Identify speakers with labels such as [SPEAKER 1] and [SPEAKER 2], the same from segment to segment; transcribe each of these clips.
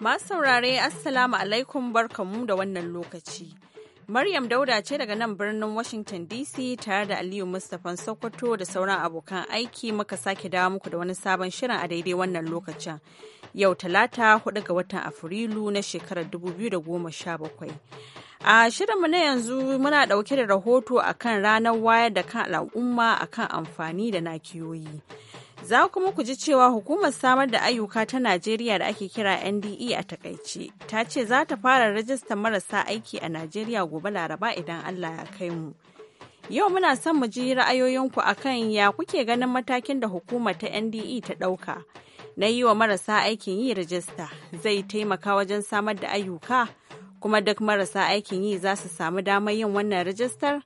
[SPEAKER 1] Masu saurare Assalamu alaikum barkamu da wannan lokaci. Maryam Dauda ce daga nan birnin Washington DC tare da Aliyu Mustapha Sokoto da sauran abokan aiki muka sake dawo muku da wani sabon shirin a daidai wannan lokacin. Yau talata 4 ga watan Afrilu na shekarar 2017. A shirinmu na yanzu muna ɗauke da rahoto akan ranar wayar da kan al'umma akan amfani da nakiyoyi. Za kuma ku ji cewa hukumar samar da ayyuka ta Najeriya da ake kira NDE a takaice ta ce za ta fara rajistar marasa aiki a Najeriya gobe Laraba idan Allah ya kai mu. Yau muna son mu ji ra'ayoyinku akan ya kuke ganin matakin da hukumar ta NDE ta ɗauka na yi wa marasa aikin yi rajista zai taimaka wajen samar da ayyuka kuma duk marasa aikin yi za su samu damar yin wannan rajistar.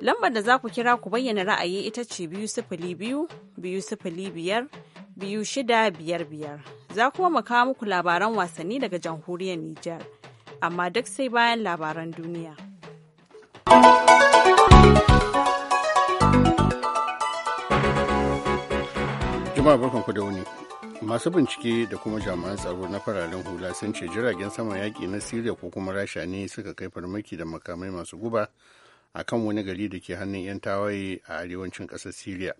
[SPEAKER 1] Lambar da za ku kira ku bayyana ra'ayi ita ce biyu sifili biyu, biyu sifili biyar, biyu shida biyar biyar. Za kuma mu kawo muku labaran wasanni daga jamhuriyar Nijar, amma duk sai bayan labaran duniya.
[SPEAKER 2] Jama'a ku da wuni. masu bincike da kuma jami'an tsaro na fararen hula sun ce jiragen saman yaƙi na siriya ko kuma rasha ne suka kai farmaki da makamai masu guba a kan wani gari da ke hannun 'yan tawaye a arewacin ƙasar syria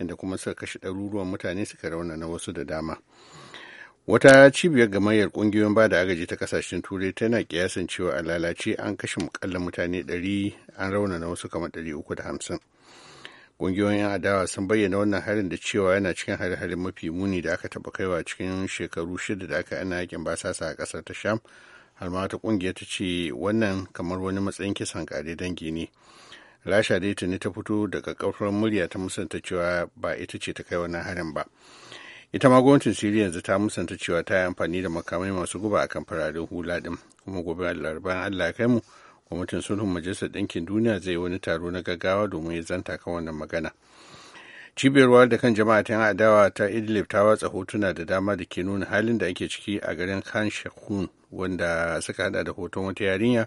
[SPEAKER 2] inda kuma suka kashe ɗaruruwan mutane suka rauna na wasu da dama wata cibiyar gamayyar ƙungiyoyin ba da agaji ta kasashen turai tana kiyasin cewa a lalace an kashe mukalla mutane 100 an rauna na wasu kamar 350 ƙungiyoyin 'yan adawa sun bayyana wannan harin da cewa yana cikin hare-hare mafi muni da aka taɓa kaiwa cikin shekaru shida da aka ana yakin basasa a ƙasar ta sham almata wata ƙungiyar ta ce wannan kamar wani matsayin kisan kare dangi ne rasha dai tuni ta fito daga kafar murya ta musanta cewa ba ita ce ta kai wannan harin ba ita ma gwamnatin siriya yanzu ta musanta cewa ta yi amfani da makamai masu guba a kan fararen hula din kuma gobe laraban allah ya kai mu gwamnatin sulhun majalisar ɗinkin duniya zai yi wani taro na gaggawa domin ya zanta kan wannan magana cibiyar wayar da kan jama'a ta adawa ta idlib ta watsa hotuna da dama da ke nuna halin da ake ciki a garin khan shakun wanda suka hada da hoton wata yarinya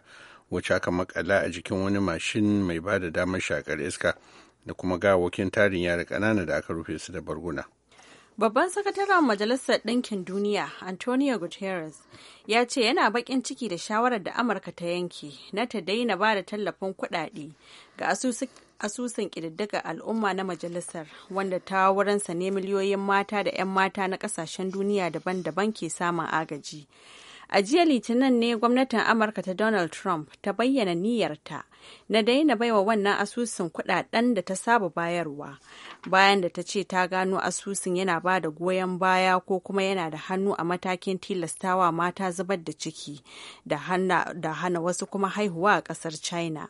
[SPEAKER 2] wacce aka makala a jikin wani mashin mai ba da damar shakar iska da kuma gawakin tarin yara ƙanana da aka rufe su da barguna
[SPEAKER 1] Babban sakataren Majalisar Ɗinkin Duniya, Antonio Guterres, ya ce yana baƙin ciki da shawarar da Amurka ta yanke na ta daina ba da tallafin kuɗaɗe ga asusun ƙididdiga al'umma na majalisar wanda ta wurinsa ne miliyoyin mata da 'yan mata na ƙasashen duniya daban-daban ke samun agaji a jiya litinin ne gwamnatin amurka ta donald trump ta bayyana niyyarta na daina baiwa wannan asusun kudaden da ta saba bayarwa bayan da ta ce ta gano asusun yana ba da goyon baya ko kuma yana da hannu a matakin tilastawa mata zubar da ciki da hana wasu kuma haihuwa a kasar china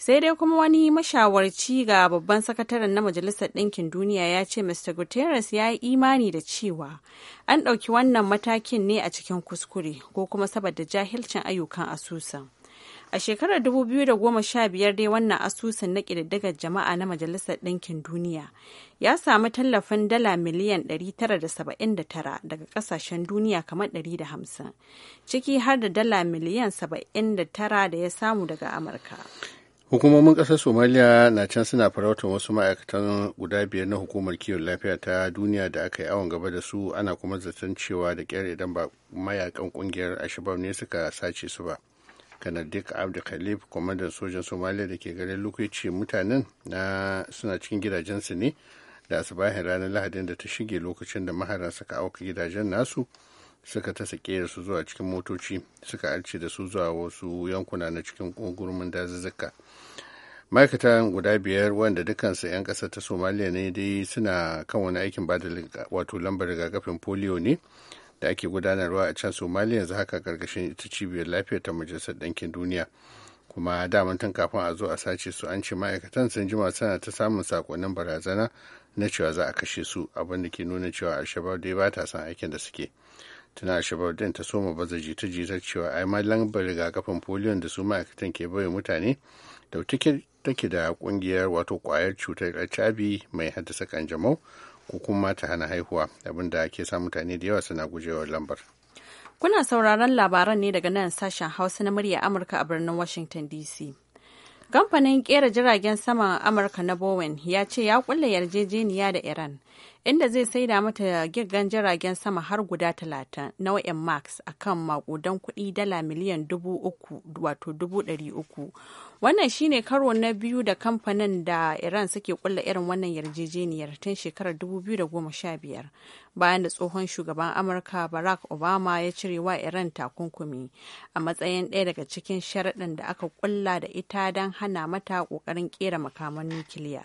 [SPEAKER 1] sai dai kuma wani mashawarci ga babban sakataren na majalisar ɗinkin duniya ya ce mr guterres ya yi imani da cewa an ɗauki wannan matakin ne a cikin kuskure ko kuma saboda jahilcin ayyukan asusun a shekarar 2015 dai wannan asusun na ƙididdigar jama'a na majalisar ɗinkin duniya ya samu tallafin dala miliyan 979 daga ƙasashen duniya kamar 150 ciki har da dala miliyan 79 da ya samu daga amurka
[SPEAKER 2] hukumomin ƙasar somaliya na can suna farautar wasu ma'aikatan guda biyar na hukumar kiwon lafiya ta duniya da aka yi awon gaba da su ana kuma zaton cewa da ƙyar idan ba mayakan ƙungiyar ashabab ne suka sace su ba kanar dik abdu khalif kwamandan sojan somaliya da ke garin lokaci mutanen na suna cikin gidajensu ne da asibahin ranar lahadin da ta shige lokacin da mahara suka auka gidajen nasu suka ta sake da su zuwa cikin motoci suka arce da su zuwa wasu yankuna na cikin ƙungurmin dazuzzuka ma'aikata guda biyar wanda dukansu 'yan ƙasa ta somaliya ne dai suna kan wani aikin ba da wato lambar rigakafin polio ne da ake gudanarwa a can somaliya yanzu haka ƙarƙashin ita cibiyar lafiyar ta majalisar ɗinkin duniya kuma daman tun kafin a zo a sace su an ce ma'aikatan sun jima suna ta samun sakonnin barazana na cewa za a kashe su abin da ke nuna cewa alshabab dai ba ta son aikin da suke tuna shabar din ta soma baza jita jita cewa ai ma lambar rigakafin polio da su ma'aikatan ke bai mutane da take da kungiyar wato kwayar cutar hiv mai haddasa kanjamau ko kuma ta hana haihuwa abinda ke sa mutane da yawa suna gujewa lambar.
[SPEAKER 1] Kuna sauraron labaran ne daga nan sashen Hausa na murya Amurka a birnin Washington DC. Kamfanin kera jiragen saman Amurka na Bowen ya ce ya kulle yarjejeniya da Iran inda zai saida mata giggan jiragen sama har guda talatin nau'in max a kan makudan kuɗi dala miliyan dubu uku wato dubu ɗari uku wannan shine karo na biyu da kamfanin da iran suke kulla irin wannan yarjejeniyar tun shekarar 2015 bayan da tsohon shugaban amurka barack obama ya cire wa iran takunkumi a matsayin ɗaya daga cikin sharaɗin da aka kulla da ita don hana mata ƙoƙarin ƙera makaman nukiliya.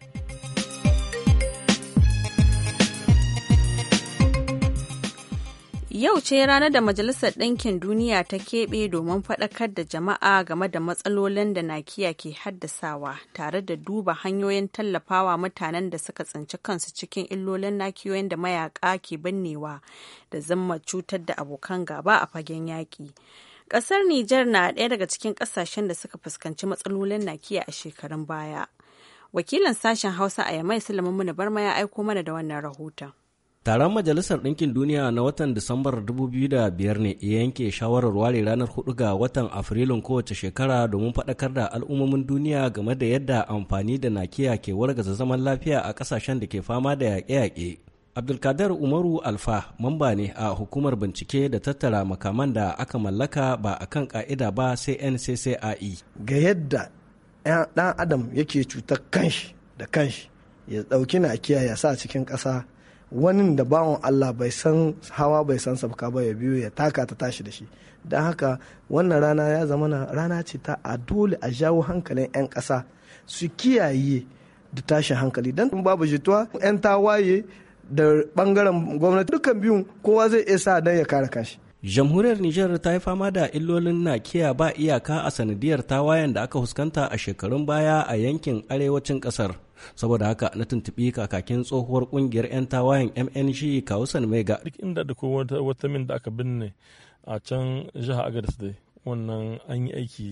[SPEAKER 1] Yau ce ranar da Majalisar Ɗinkin Duniya ta keɓe domin faɗakar da jama'a game da matsalolin da nakiya ke haddasawa tare da duba hanyoyin tallafawa mutanen da suka tsinci kansu cikin illolin nakiyoyin da mayaƙa ke binnewa da zama cutar da abokan gaba a fagen yaƙi. Ƙasar Nijar na ɗaya daga cikin ƙasashen da suka fuskanci matsalolin nakiya a shekarun baya. Wakilin sashen Hausa a Yamai Sulaiman Muna Barma ya aiko mana da wannan rahoton.
[SPEAKER 3] Taron Majalisar Ɗinkin Duniya na watan Disambar 2005 ne ya yanke shawarar ware ranar 4 ga watan Afrilun kowace shekara domin faɗakar da al'ummomin duniya game da yadda amfani da nakiya ke wargaza zaman lafiya a ƙasashen da ke fama da yaƙe-yaƙe. Abdulkadir Umaru Alfa mamba ne a hukumar bincike da tattara makaman da aka mallaka ba a kan ƙa'ida ba sai
[SPEAKER 4] NCCIE. Ga yadda ɗan adam yake cutar kanshi da kanshi ya ɗauki nakiya ya sa cikin ƙasa wani da bawan Allah bai san hawa bai san sabka ba ya biyo ya taka ta tashi da shi don haka wannan rana ya zama rana ce ta a dole a jawo hankalin 'yan ƙasa su kiyaye da tashin hankali don babu jituwa 'yan tawaye da bangaren gwamnati dukkan biyun kowa zai iya sa don ya kare kashi
[SPEAKER 3] jamhuriyar nijar ta yi fama da illolin na kiya ba iyaka a sanadiyar tawayen da aka fuskanta a shekarun baya a yankin arewacin kasar saboda haka na tuntuɓi kakakin tsohuwar kungiyar 'yan tawayen mnc kawusan mega duk inda da wata wata min da aka binne a can jihar agadis dai wannan an yi aiki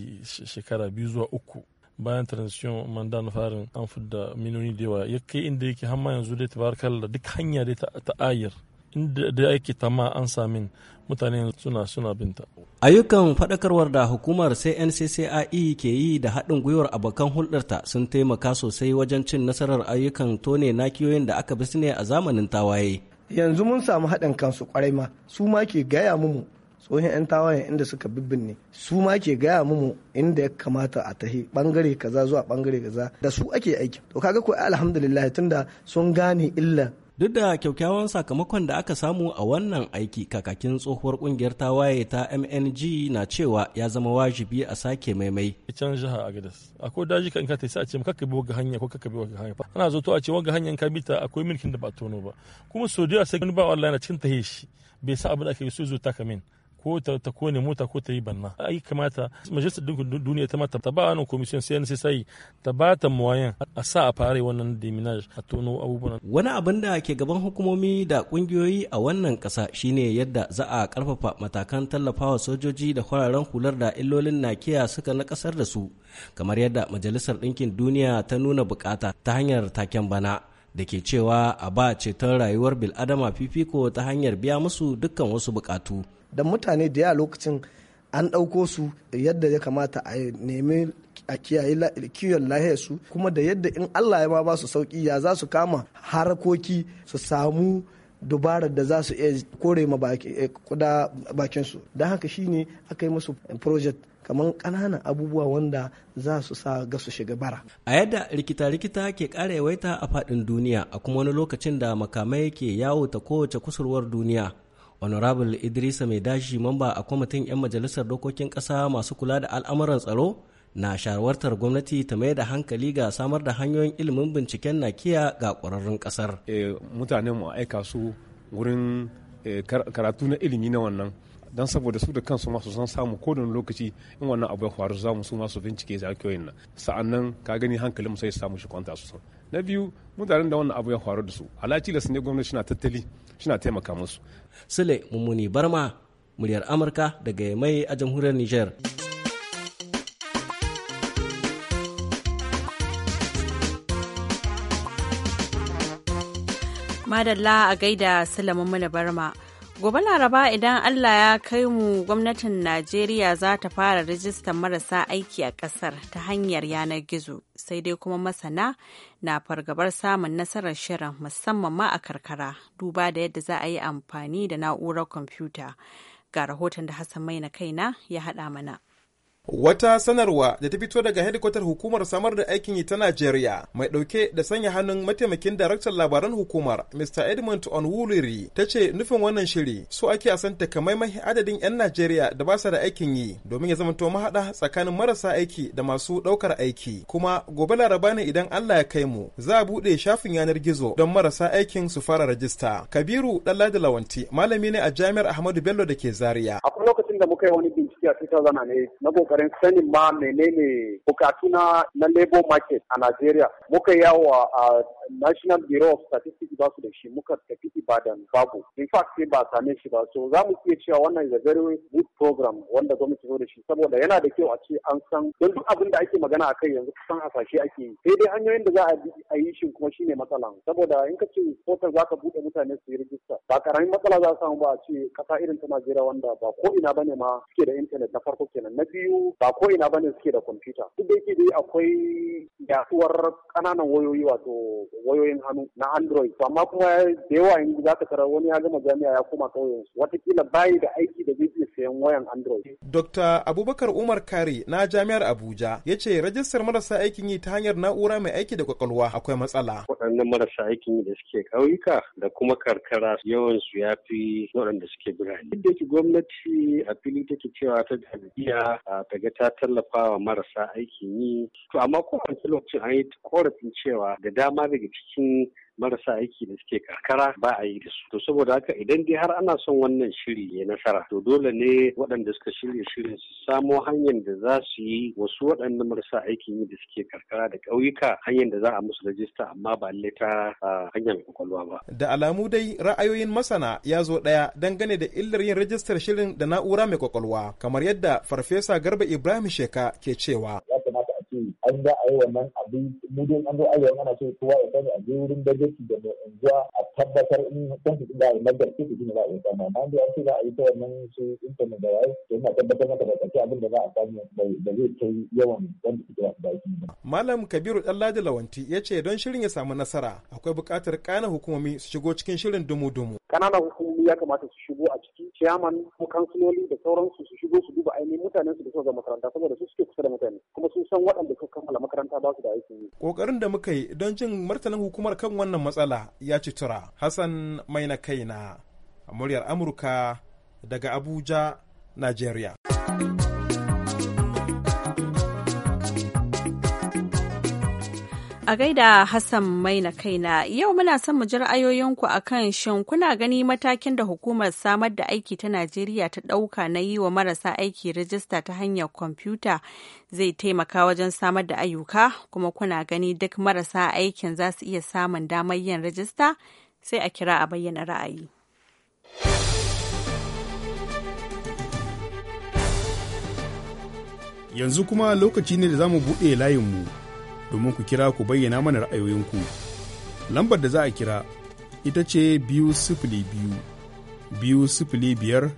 [SPEAKER 3] shekara biyu zuwa uku bayan transition manda na farin an fudda minoni da yawa ya kai inda yake hamma yanzu dai tabarkar da duk hanya dai ta ayar da ake tama an samin mutane suna suna binta. Ayyukan faɗakarwar da hukumar CNCCIE ke yi da haɗin gwiwar abokan hulɗarta sun taimaka sosai wajen cin nasarar ayyukan tone nakiyoyin da aka bi ne a zamanin tawaye.
[SPEAKER 4] Yanzu mun samu haɗin kansu kwarai ma su ma ke gaya mu tsohon 'yan tawayen inda suka bibbinne su ma ke gaya mu inda ya kamata a tahi bangare kaza zuwa bangare kaza da su ake aiki to kaga ko alhamdulillah tunda sun gane illa
[SPEAKER 3] Duk da kyakkyawan sakamakon da aka samu a wannan aiki kakakin tsohuwar kungiyar tawaye ta MNG na cewa ya zama wajibi a sake maimai. Can jiha a gadas. Akwai daji in ka sai a ce maka bi waga hanya ko kaka bi waga hanya. Ana zo to a ce waga in ka ta akwai milkin da ba tono ba. Kuma sau da sai wani ba wallahi na cikin tahe shi bai sa abin da ake so zo taka min. ko ta kone mota ko ta yi banna ai kamata majalisar dinkin duniya ta mata ta ba wani komishin sai sai ta ba ta muwayan a sa a fara wannan deminage a tono abubuwan wani abin da ke gaban hukumomi da kungiyoyi a wannan kasa shine yadda za a karfafa matakan tallafawa sojoji da kwararen hular da illolin nakiya suka na kasar da su kamar yadda majalisar dinkin duniya ta nuna bukata ta hanyar taken bana da ke cewa a ba ceton rayuwar bil'adama fifiko ta hanyar biya
[SPEAKER 4] musu dukkan wasu bukatu da mutane da yawa lokacin an ɗauko su yadda ya kamata a nemi a kiyaye kiwon su kuma da yadda in allah ya ma ba su sauki ya za su kama harkoki su samu dubarar da za su iya kore ma eh, kuda bakinsu don haka shine aka yi musu project kamar ƙananan abubuwa wanda za su sa ga su shiga bara.
[SPEAKER 3] A yadda rikita-rikita ke ƙara yawaita a faɗin duniya a kuma wani lokacin da makamai ke yawo ta kowace kusurwar duniya honorable idrisa mai dashi mamba a kwamitin 'yan majalisar dokokin kasa masu kula da al'amuran tsaro na shawartar gwamnati ta mai da hankali ga samar da hanyoyin ilimin binciken nakiya ga ƙwararrun kasar. Eh, mutane mu aika su wurin eh, karatu na ilimi na wannan Don saboda su da kansu masu san samu ko da lokaci in wannan abu
[SPEAKER 5] ya faru za mu su masu bincike za Sa'an nan ka gani hankalin mu sai samu shi kwanta su san na
[SPEAKER 3] biyu mutanen da wannan abu ya faru da su halaci da su ne gwamnati na tattali na taimaka musu sule mummuni barma muryar amurka daga mai a jamhuriyar niger
[SPEAKER 1] madalla a gaida sulamun mula barma Gobe Laraba idan Allah ya kai mu gwamnatin Najeriya za ta fara rijistar marasa aiki a ƙasar ta hanyar yanar gizo, sai dai kuma masana na fargabar samun nasarar shirin musamman ma a karkara duba da yadda za a yi amfani da na'urar kwamfuta. Ga rahoton da Hassan Mai na kaina ya haɗa mana.
[SPEAKER 5] Wata sanarwa da ta fito daga hedikwatar hukumar samar da aikin yi ta Najeriya mai ɗauke da sanya hannun mataimakin daraktan labaran hukumar Mr. Edmund Onwuliri ta ce nufin wannan shiri so ake a san takamaimai adadin 'yan Najeriya da ba su da aikin yi domin ya zamanto mahaɗa tsakanin marasa aiki da masu ɗaukar aiki. Kuma gobe laraba ne idan Allah ya kai mu za a buɗe shafin yanar gizo don marasa aikin su fara rajista. Kabiru Ɗanladi Lawanti malami ne a Jami'ar Ahmadu Bello da ke Zaria.
[SPEAKER 6] Akwai lokacin da muka yi wani bincike a 2008 na kokarin sanin ma menene bukatu na na labor market a Najeriya muka yawa a National Bureau of Statistics ba su da shi muka tafi Ibadan babu in fact sai ba same shi ba so za mu iya cewa wannan is a very good program wanda gwamnati zo da shi saboda yana da kyau a ce an san don duk abin da ake magana a kai yanzu kusan hasashe ake yi sai dai hanyoyin da za a yi shi kuma shine matsala saboda in ka ce portal za ka buɗe mutane su yi rijista ba karamin matsala za samu ba a ce kasa irin ta Najeriya wanda ba ko ina ne ma suke da intanet na farko kenan na biyu ba ko ina bane suke da kwamfuta duk da yake dai akwai yasuwar ƙananan wayoyi wato wayoyin hannu na android to amma kuma da yawa yanzu za ka tara, wani ya gama jami'a ya koma su, watakila bayi da aiki da zai sayan wayan Android.
[SPEAKER 5] Dr. Abubakar Umar Kari na Jami'ar Abuja ya ce rajistar marasa aikin yi ta hanyar na'ura mai aiki da kwakwalwa akwai matsala.
[SPEAKER 6] Waɗannan marasa aikin yi da suke ƙauyuka da kuma karkara yawansu ya fi waɗanda suke birane. Duk da ke gwamnati a fili take cewa ta
[SPEAKER 7] jami'a
[SPEAKER 6] ta ga ta tallafa wa marasa aikin yi. To amma kowace lokacin an yi korafin cewa da dama daga cikin marasa aiki da suke karkara ba a yi da su to saboda haka idan dai har ana son wannan shiri ya nasara to dole ne waɗanda suka shirya shirin su samo hanyar da za su yi wasu waɗanda marasa aikin yi da suke karkara da ƙauyuka hanyar da za a musu rajista amma ba lalle ta hanyar kwakwalwa ba
[SPEAKER 5] da alamu dai ra'ayoyin masana ya zo ɗaya dangane da illar yin rajistar shirin da na'ura mai kwakwalwa kamar yadda farfesa garba ibrahim
[SPEAKER 6] sheka ke cewa an za a yi wannan abin mu dai an zo arewa ana so kowa ya sani a je wurin dagaci da mai unguwa a tabbatar in kan su za a yi magar su su za a yi sama na dai an ce za a yi ta wannan su ta da waye to ina tabbatar mata da kake abin da za a samu da zai kai yawan wanda suke ba. baki
[SPEAKER 5] malam kabiru danladi lawanti ya ce don shirin ya samu nasara akwai buƙatar ƙana hukumomi su shigo cikin shirin dumu-dumu
[SPEAKER 6] ƙananan hukumomi ya kamata su shigo a ciki chairman ko kansiloli da sauransu su shigo su duba ainihin mutanen su da suka makaranta saboda su suke kusa da mutane kuma sun san waɗanda suka kammala makaranta ba su da aikin yi.
[SPEAKER 5] Kokarin da muka yi don jin martanin hukumar kan wannan matsala ya ci tura. Hassan Maina na muryar Amurka daga Abuja, Najeriya.
[SPEAKER 1] a gaida Hassan Maina kaina yau muna son mu ji ra'ayoyinku kan shin kuna gani matakin da hukumar samar da aiki ta Najeriya ta ɗauka na yi wa marasa aiki rajista ta hanyar kwamfuta zai taimaka wajen samar da ayyuka kuma kuna gani duk marasa aikin za su iya samun damar yin rajista sai a kira a bayyana ra'ayi.
[SPEAKER 5] Yanzu kuma lokaci ne da za mu buɗe layinmu. domin ku kira ku bayyana mana ra'ayoyinku. Lambar da za a kira ita ce biyu sifili biyu, biyu sifili biyar,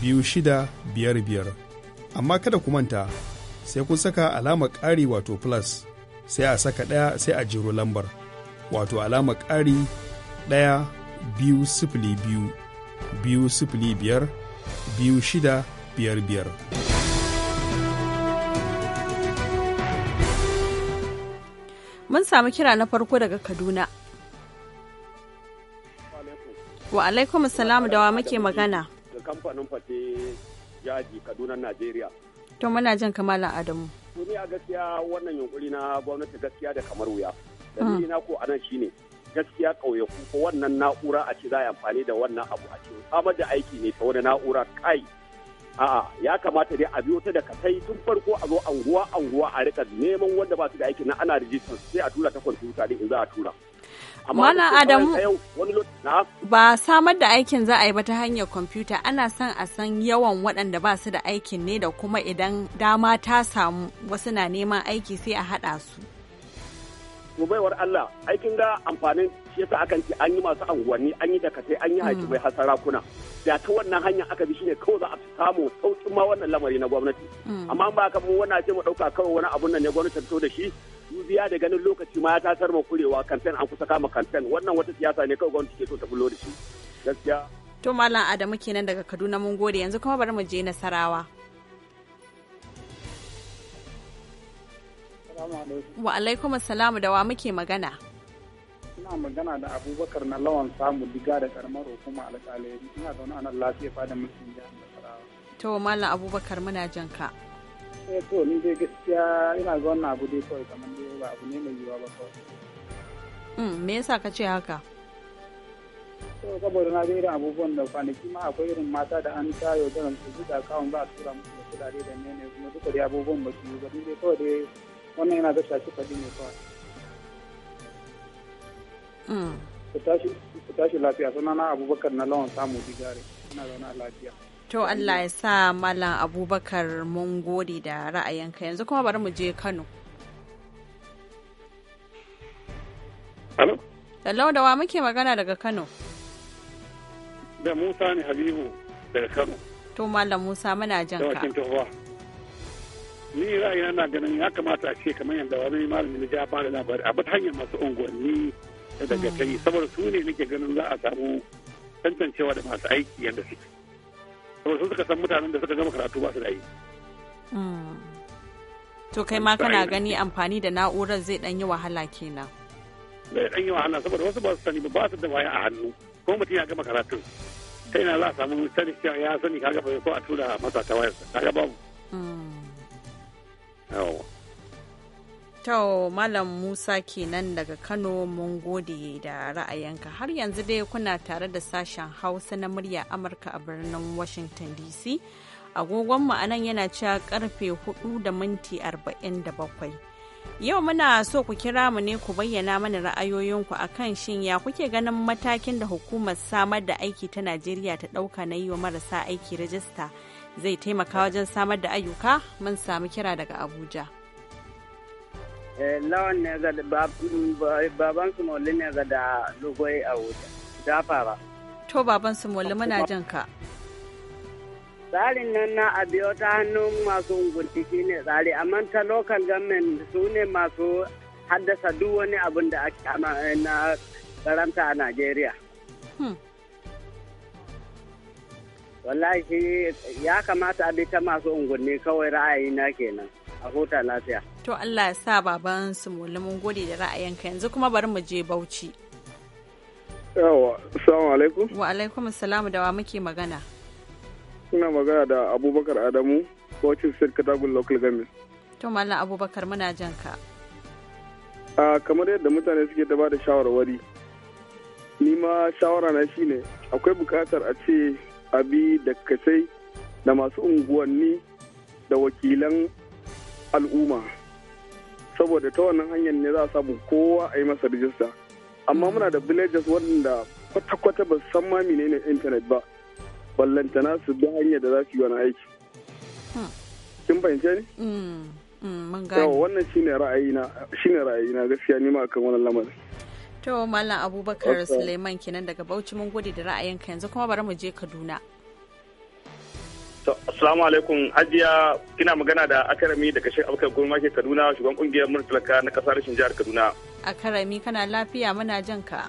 [SPEAKER 5] biyu shida biyar biyar. Amma kada ku manta sai kun saka alamar ƙari wato plus sai a saka ɗaya sai a jiro lambar wato alamar ƙari ɗaya biyu sifili biyu, biyu sifili biyar, biyu shida biyar biyar.
[SPEAKER 1] Mun samu kira na farko daga Kaduna. Wa alaikum salam da wa muke magana.
[SPEAKER 8] Da kamfanin fate yaji Kaduna Najeriya.
[SPEAKER 1] To muna jin kamala Adamu.
[SPEAKER 8] To a gaskiya wannan yunkuri na gwamnati gaskiya da kamar wuya. Hmm. Dalili na ko anan shine gaskiya ƙauyaku ko wannan na'ura a ce za a amfani da wannan abu a ce samar da aiki ne ta wani na'ura kai a'a ya kamata dai a biyo ta da katai tun farko a zo anguwa anguwa a rika neman wanda ba su da aiki na ana rijistar sai a tura ta kwamfuta din in za a tura
[SPEAKER 1] mana adamu ba samar da aikin za a yi ba ta hanyar kwamfuta ana son a san yawan waɗanda ba su da aikin ne da kuma idan dama ta samu wasu na neman aiki sai a haɗa su
[SPEAKER 9] to baiwar Allah aikin
[SPEAKER 8] ga amfanin shi yasa akan ce an yi masu anguwanni an yi dakatai an yi haƙi mm. bai hasara kuna da ta wannan hanya aka bi shine kawai za a samu sauƙin ma wannan lamari na gwamnati mm. amma ba ka mu wannan ce mu ɗauka kawai wani abun nan ne gwamnati ta da shi dubiya da ganin lokaci ma ya tasar ma kurewa kamfen an kusa kama kanten wannan wata siyasa ne kawai gwamnati ke so ta bullo da shi gaskiya
[SPEAKER 1] to malam Adamu kenan daga Kaduna mun gode yanzu kuma bari mu je Nasarawa Wa alaikum assalamu da wa muke magana.
[SPEAKER 8] Ina magana da Abubakar na lawan samu diga da karamar hukuma alƙalai. Ina zaune a nan lafiya fada mutum jihar Nasarawa.
[SPEAKER 1] To Malam Abubakar muna jan ka.
[SPEAKER 8] Eh to ni dai gaskiya ina ga wannan abu dai kawai kamar dai ba abu ne mai yiwuwa ba kawai.
[SPEAKER 1] Mm, me yasa ka ce haka?
[SPEAKER 8] to saboda na ga irin abubuwan da kwanaki ma akwai irin mata da an ta yau da su da kawun ba a tura musu da kudade da nene kuma duka dai abubuwan ba su yi ba dai kawai dai wannan yana da shafi faɗi ne kawai hmm. ku tashi lafiya sunana abubakar na lawan samu digare ina zaune wani lafiya
[SPEAKER 1] to Allah ya sa malam abubakar mun gode da ra'ayinka yanzu kuma bari mu je kano Hello da wa muke magana daga Kano?
[SPEAKER 8] Da Musa ne Habibu daga Kano.
[SPEAKER 1] To Malam Musa muna jan ka.
[SPEAKER 8] ni ra'ayina na ganin ya kamata a ce kamar yadda wani malami na ba da labari a bata hanyar masu unguwanni daga kai saboda su ne nake ganin za a samu tantancewa da masu aiki yadda suke saboda sun suka san mutanen da suka gama karatu ba su da aiki.
[SPEAKER 7] Hmm.
[SPEAKER 1] to kai ma kana gani amfani da na'urar zai dan yi wahala kenan.
[SPEAKER 7] zai
[SPEAKER 8] dan yi wahala saboda wasu ba su sani ba su da waya a hannu ko mutum ya gama karatun kai na za a samu sani ya sani kaga ba ko a tura masa ta wayarsa kaga mu.
[SPEAKER 1] To Malam Musa kenan daga Kano mun gode da ra'ayinka har yanzu dai kuna tare da sashen Hausa na murya Amurka a birnin Washington DC. Agogonmu a nan yana cewa karfe 4 da minti 47. Yau muna so ku kira mu ne ku bayyana mana ra'ayoyinku a kan shin ya kuke ganin matakin da hukumar samar da aiki ta Najeriya ta ɗauka na yi wa marasa aiki rajista. zai taimaka wajen samar da ayyuka mun samu kira daga abuja
[SPEAKER 10] eh, lawan ne ga baban su
[SPEAKER 3] molli ne ga da lugoyi a wuta dafa fara
[SPEAKER 1] to baban su molli muna jin ka
[SPEAKER 3] tsarin nan na a biyo ta hannun masu unguntiki ne tsari amma ta local government su ne masu haddasa duk wani abin da ake eh, na karanta a najeriya hmm. wallahi shi ya kamata a ta masu unguwanni kawai ra'ayi na kenan
[SPEAKER 9] a huta lafiya
[SPEAKER 1] to Allah ya sa baban su mun gode da ra'ayinka yanzu kuma bari mu je Bauchi
[SPEAKER 9] yawa assalamu alaikum
[SPEAKER 1] wa alaikum assalam da wa muke magana
[SPEAKER 8] ina magana da Abubakar Adamu Bauchi State Katagun Local Government
[SPEAKER 1] to mallam Abubakar muna jan ka
[SPEAKER 8] a kamar yadda mutane suke ba da shawarwari ni ma shawara na shine akwai bukatar a ce abi da kasai da masu unguwanni da wakilan al'umma saboda ta wannan hanyar ne za a samu kowa a yi masa rijista amma muna da villages waɗanda kwata-kwata ba san ma menene intanet ba ballantana su bi hanyar da za su yi wani aiki hmm. kin fahimce ne?
[SPEAKER 7] Hmm. Hmm, mun
[SPEAKER 8] wannan shine ra'ayina shine ra'ayina gaskiya ni ma akan wannan lamarin
[SPEAKER 1] To malam Abubakar Suleiman kenan daga Bauchi mun gode da ra'ayinka yanzu kuma bari mu je Kaduna.
[SPEAKER 8] Assalamu alaikum Hajiya kina magana da Akarami daga Sheikh Abubakar Gurma ke Kaduna shugaban kungiyar Murtalaka na kasar Jihar Kaduna.
[SPEAKER 1] Akarami kana lafiya muna jan ka.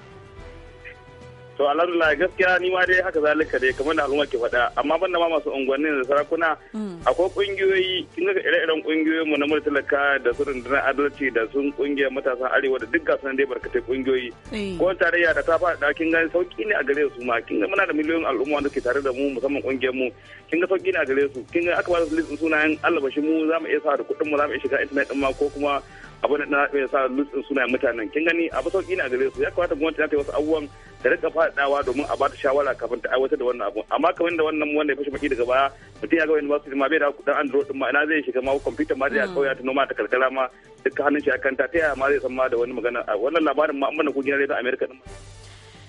[SPEAKER 8] to alhamdulillah gaskiya ni ma dai haka zalika dai kamar da al'umma ke faɗa amma ban da ma masu unguwannin da sarakuna mm. akwai kungiyoyi kin ga ire-iren mu na mutalaka talaka da su rundunar adalci da sun kungiya matasan arewa da duk gasu dai barkatai kungiyoyi eh. ko tarayya da ta faɗa kin ga sauki ne a gare su ma kin ga muna da miliyoyin al'umma wanda ke tare da mu musamman kungiyar mu kin ga sauki ne a gare su kin ga aka ba su sunayen Allah bashi mu za mu iya sa da kuɗin mu za mu iya shiga internet din ma ko kuma abin da ya sa nutsin suna mutanen kin gani ba sauki a gare su ya kamata gwamnati ta yi wasu abubuwan da rika faɗawa domin a bata shawara kafin ta aiwatar da wannan abu amma kamar da wannan wanda ya fashe baki daga baya mutum ya ga wani basu ma bai da kuɗin android din ma ina zai shiga ma kwamfuta ma zai kauya ta noma ta karkara ma duka hannun shi a kanta ta yaya ma zai san ma da wani magana wannan labarin ma an gina kungiyar rediyon america din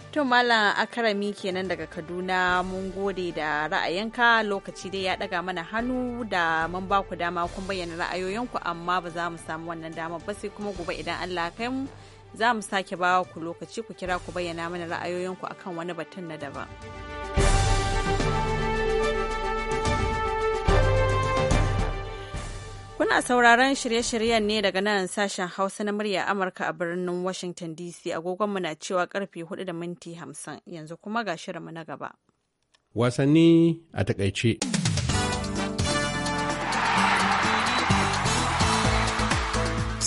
[SPEAKER 1] To Malam Akarami kenan daga Kaduna mun gode da ra'ayinka lokaci dai ya daga mana hannu da mun ba ku dama kun bayyana ra'ayoyinku amma ba za mu samu wannan dama ba sai kuma gobe idan Allah kai mu za mu sake ba ku lokaci ku kira ku bayyana mana ra'ayoyinku akan wani batun na daban. Kuna sauraron shirye-shiryen ne daga nan sashen Hausa na murya Amurka a birnin Washington DC agogonmu na cewa karfe 4 da minti 50 yanzu kuma ga shirinmu na gaba.
[SPEAKER 2] Wasanni a takaice.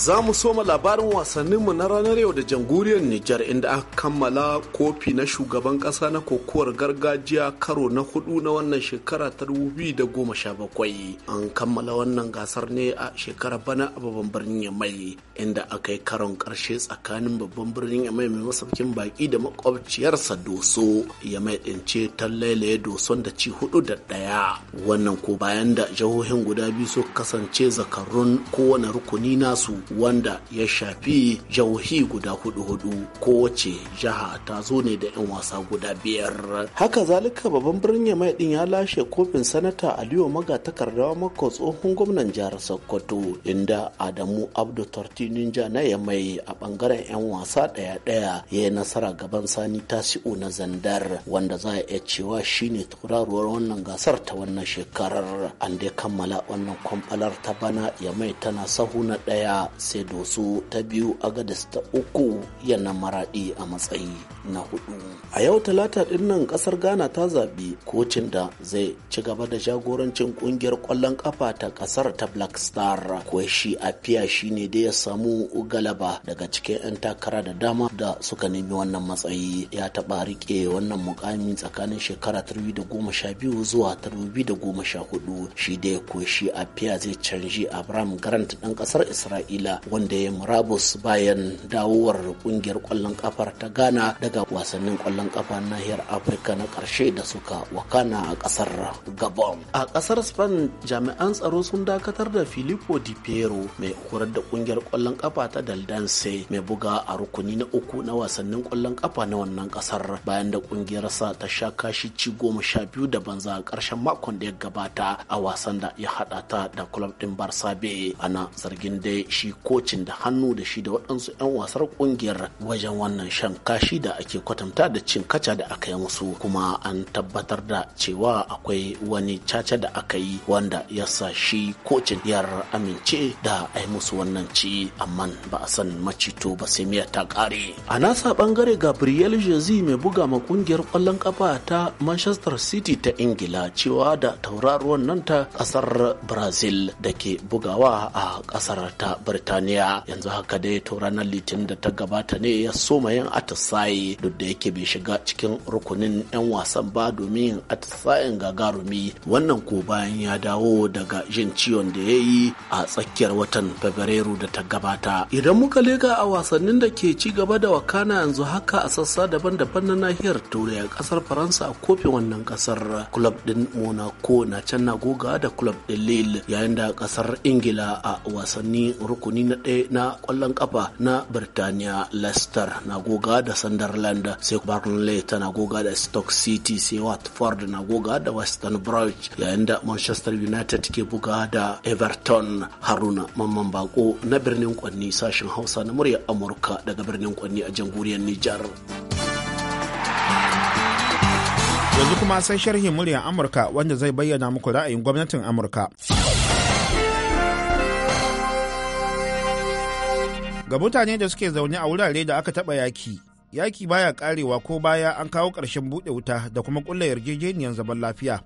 [SPEAKER 10] Za mu soma labarin wasanninmu na ranar yau da jamhuriyar Nijar inda aka kammala kofi na shugaban ƙasa na kokowar gargajiya karo na hudu na wannan shekara ta sha bakwai. An kammala wannan gasar ne a shekarar bana a babban birnin Yamai inda aka yi karon karshe tsakanin babban birnin Yamai mai masaukin baki da makwabciyarsa Doso. Yamai ɗin ce ta lailaye Doson da ci hudu da ɗaya. Wannan ko bayan da jihohin guda biyu suka kasance zakarun kowane rukuni nasu wanda ya shafi jauhi guda hudu hudu kowace jiha ta zo ne da 'yan wasa guda biyar haka zalika babban birnin yamai din ya lashe kofin sanata aliyu maga takardawa mako tsohon gwamnan jihar sokoto inda adamu abdu Ninja na yamai a bangaren 'yan wasa daya daya ya yi nasara gaban sani tasi'u na zandar wanda za a iya cewa shine turaruwar wannan gasar ta wannan shekarar an dai kammala wannan kwamfalar ta bana yamai tana sahu na daya sai doso ta biyu gadas ta uku yana maraɗi a matsayi na hudu a yau talata din nan ƙasar ghana ta zaɓi kocin da zai ci gaba da jagorancin ƙungiyar ƙwallon ƙafa ta ƙasar ta black star koshi shi a fiya shi da ya samu galaba daga cikin 'yan takara da dama da suka nemi wannan matsayi ya taɓa riƙe wannan mukami tsakanin shekara biyu zuwa hudu shi da ya koshi a fiya zai canji abraham grant dan ƙasar isra'ila kabila wanda ya murabus bayan dawowar kungiyar kwallon kafar ta ghana daga wasannin kwallon kafa nahiyar afirka na karshe da suka wakana a kasar gabon a kasar spain jami'an tsaro sun dakatar da filippo di piero mai kurar da kungiyar kwallon kafa ta daldanse mai buga a rukuni na uku na wasannin kwallon kafa na wannan kasar bayan da sa ta sha kashi ci goma sha biyu da banza a karshen makon da ya gabata a wasan da ya hada ta da club din a ana zargin dai shi kocin da hannu da shi da waɗansu 'yan wasar ƙungiyar wajen wannan shan kashi da ake kwatanta da cin kaca da aka yi musu kuma an tabbatar da cewa akwai wani caca da aka yi wanda ya sa shi kocin yar amince da a yi musu wannan ci amma ba a san macito ba sai miya ta ƙare. A nasa ɓangare Gabriel Jezi mai buga ma ƙungiyar ƙwallon ƙafa ta Manchester City ta Ingila cewa da tauraruwan nan ta ƙasar Brazil da ke bugawa a ƙasar ta Barci birtaniya yanzu haka dai to ranar litinin da ta gabata ne ya soma yin atisaye duk da yake bai shiga cikin rukunin 'yan wasan ba domin yin atisayen gagarumi wannan ko bayan ya dawo daga jin ciwon da ya yi a tsakiyar watan fabrairu da ta gabata idan muka lega a wasannin da ke ci gaba da wakana yanzu haka a sassa daban-daban na nahiyar turai a kasar faransa a kofin wannan kasar club din monaco na can na goga da club din lille yayin da kasar ingila a wasanni rukuni rukuni na ɗaya na ƙwallon kafa na Birtaniya Leicester na goga da Sunderland sai Burnley tana goga da Stoke City sai Watford na goga da Western Bridge yayin da Manchester United ke buga da Everton Haruna Mamman Bako na birnin Kwanni sashen Hausa na murya Amurka daga birnin Kwanni a jamhuriyar Nijar.
[SPEAKER 9] Yanzu kuma sai sharhin muryar Amurka wanda zai bayyana muku ra'ayin gwamnatin Amurka. Ga mutane da suke zaune a wurare da aka taɓa yaki, yaki baya karewa ko baya an kawo ƙarshen buɗe wuta da kuma ƙulla yarjejeniyar zaman lafiya.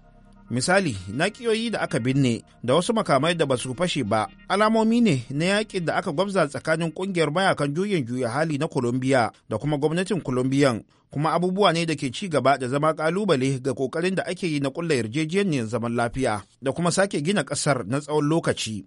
[SPEAKER 9] Misali, naƙiyoyi da aka binne da wasu makamai da basu fashe ba, alamomi ne na yakin da aka gwabza tsakanin ƙungiyar mayakan juyin juya hali na Colombia da kuma gwamnatin Colombiyan, kuma abubuwa ne da ke ci gaba da zama kalubale ga kokarin da ake yi na ƙulla yarjejeniyar zaman lafiya da kuma sake gina ƙasar na tsawon lokaci.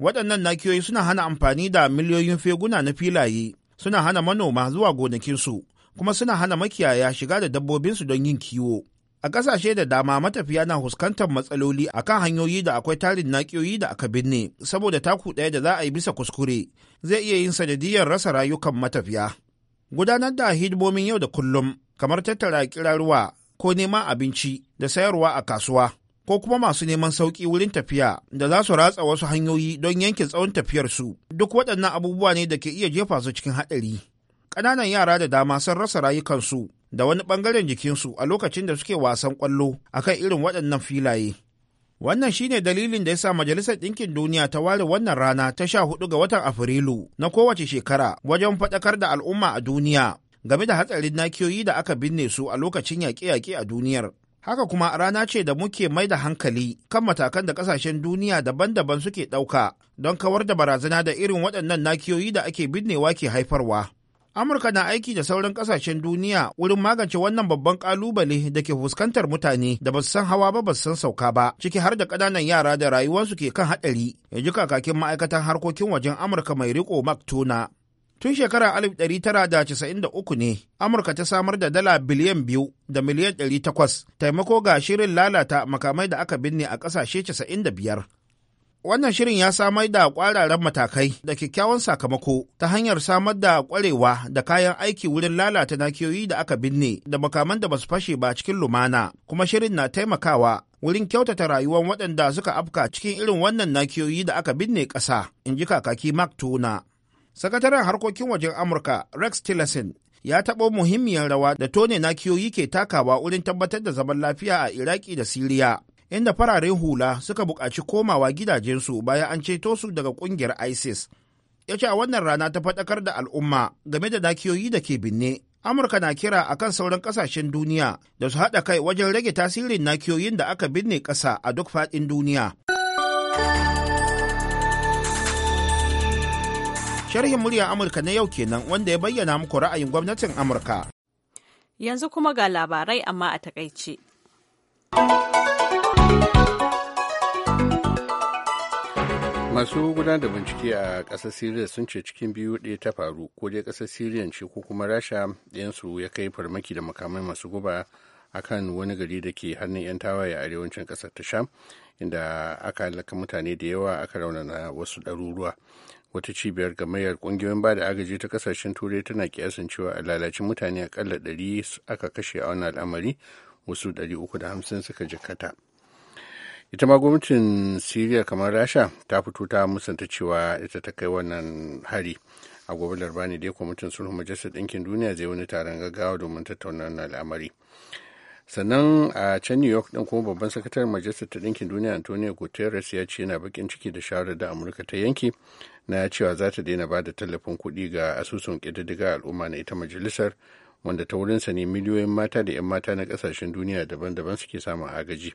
[SPEAKER 9] waɗannan nakiyoyi suna hana amfani da miliyoyin feguna na filaye suna hana manoma zuwa gonakinsu kuma suna hana makiyaya shiga da dabbobinsu don yin kiwo a ƙasashe da dama matafiya na fuskantar matsaloli akan hanyoyi da akwai tarin nakiyoyi da aka binne saboda taku ɗaya da za a yi bisa kuskure zai iya yin sanadiyar rasa rayukan matafiya gudanar da hidimomin yau da kullum kamar tattara kirarwa ko neman abinci da sayarwa a kasuwa ko kuma masu neman sauƙi wurin tafiya da za su ratsa wasu hanyoyi don yanke tsawon tafiyarsu duk waɗannan abubuwa ne da ke iya jefa su cikin haɗari. Ƙananan yara da dama sun rasa rayukansu da wani ɓangaren jikinsu a lokacin da suke wasan ƙwallo akan irin waɗannan filaye. Wannan shine dalilin da ya sa Majalisar Ɗinkin Duniya ta ware wannan rana ta sha hudu ga watan Afrilu na kowace shekara wajen faɗakar da al'umma a duniya game da hatsarin nakiyoyi da aka binne su a lokacin yaƙe-yaƙe a duniyar. Haka kuma rana ce da muke mai da hankali kan matakan da kasashen duniya daban-daban suke ɗauka don kawar da barazana da irin waɗannan nakiyoyi da ake binnewa ke haifarwa. Amurka na aiki da sauran kasashen duniya wurin magance wannan babban ƙalubale da ke fuskantar mutane da ba su san hawa ba ba su san sauka ba, ciki har da ƙananan yara da rayuwarsu ke kan haɗari, ya ji kakakin ma'aikatan harkokin wajen Amurka mai riko Mark Tuna. Tun shekara 1993 ne Amurka ta samar da dala biliyan biyu da miliyan 800 taimako ga shirin lalata makamai da aka binne a ƙasashe 95. Wannan shirin ya samar da ƙwararren matakai da kyakkyawan sakamako ta hanyar samar da ƙwarewa da kayan aiki wurin lalata nakiyoyi da aka binne da makaman da basu fashe ba cikin lumana, kuma shirin na taimakawa wurin kyautata rayuwar waɗanda suka afka cikin irin wannan nakiyoyi da aka binne ƙasa, in ji kakaki Mark Tuna. sakataren harkokin wajen amurka rex tillerson ya taɓo muhimmiyar rawa da tone nakiyoyi ke takawa wurin tabbatar da zaman lafiya a iraki da siriya inda fararen hula suka buƙaci komawa gidajensu bayan an ceto su daga ƙungiyar isis ya ce a wannan rana ta faɗakar da al'umma game da nakiyoyi da ke binne amurka na kira a kan sauran ƙasashen duniya da su haɗa kai wajen rage tasirin nakiyoyin da aka binne ƙasa a duk faɗin duniya. Sharhin murya Amurka na yau kenan wanda ya bayyana muku ra'ayin gwamnatin
[SPEAKER 2] Amurka.
[SPEAKER 1] Yanzu kuma ga labarai amma a takaice.
[SPEAKER 2] masu gudanar da bincike a ƙasar siriya sun ce cikin biyu ɗaya ta faru ko dai ƙasar siriya ce ko kuma rasha ɗayansu ya kai farmaki da makamai masu guba akan wani gari da ke hannun 'yan tawaye a arewacin ƙasar ta sham inda aka halaka mutane da yawa aka raunana wasu ɗaruruwa wata cibiyar gamayyar kungiyoyin bada agaji ta kasashen turai tana kiyasan cewa a lalacin mutane akalla ɗari aka kashe a wannan al'amari wasu ɗari uku da hamsin suka jikkata ita ma gwamnatin siriya kamar rasha ta fito ta musanta cewa ita ta kai wannan hari a gobe larba dai kwamitin sulhu majalisar ɗinkin duniya zai wani taron gaggawa domin tattauna wannan al'amari sannan a can new york din kuma babban sakataren majalisar ta dinkin duniya antonio guterres ya ce yana bakin ciki da shawarar da amurka ta yanke na cewa za ta daina ba da tallafin kuɗi ga asusun ƙididdiga al'umma na ita majalisar wanda ta wurinsa ne miliyoyin mata da 'yan mata na ƙasashen duniya daban-daban suke samun agaji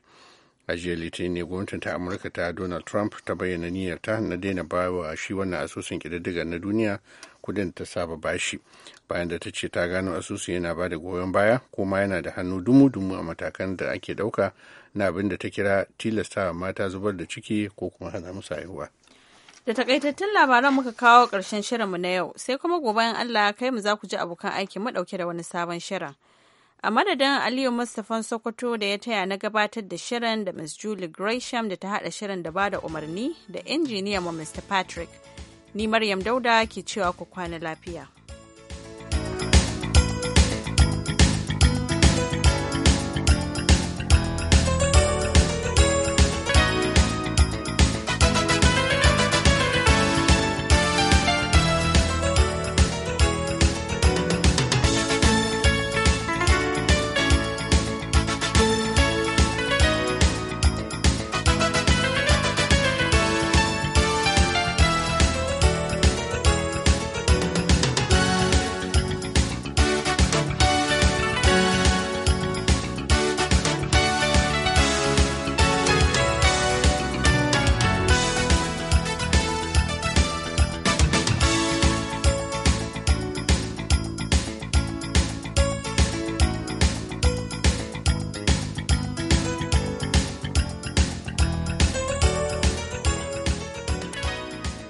[SPEAKER 2] a jiya litinin ne gwamnatin ta amurka ta donald trump ta bayyana niyyarta na daina bawa shi wannan asusun ƙididdiga na duniya kudin ta saba bashi bayan da ta ce ta gano asusun yana ba da goyon baya kuma yana da hannu dumu-dumu a matakan da ake ɗauka na abin da ta kira tilastawa mata zubar da ciki ko kuma hana musu haihuwa.
[SPEAKER 1] Da takaitattun labaran muka kawo ƙarshen shirinmu na yau sai kuma gobe in Allah kai mu za ku ji abokan aiki mu ɗauke da wani sabon shirin. a madadin aliyu mustapha sokoto da ya taya na gabatar da shirin da Ms julie gresham da ta hada shirin da ba da umarni da injiniyan mu mr patrick ni maryam dauda ke cewa ku kwana lafiya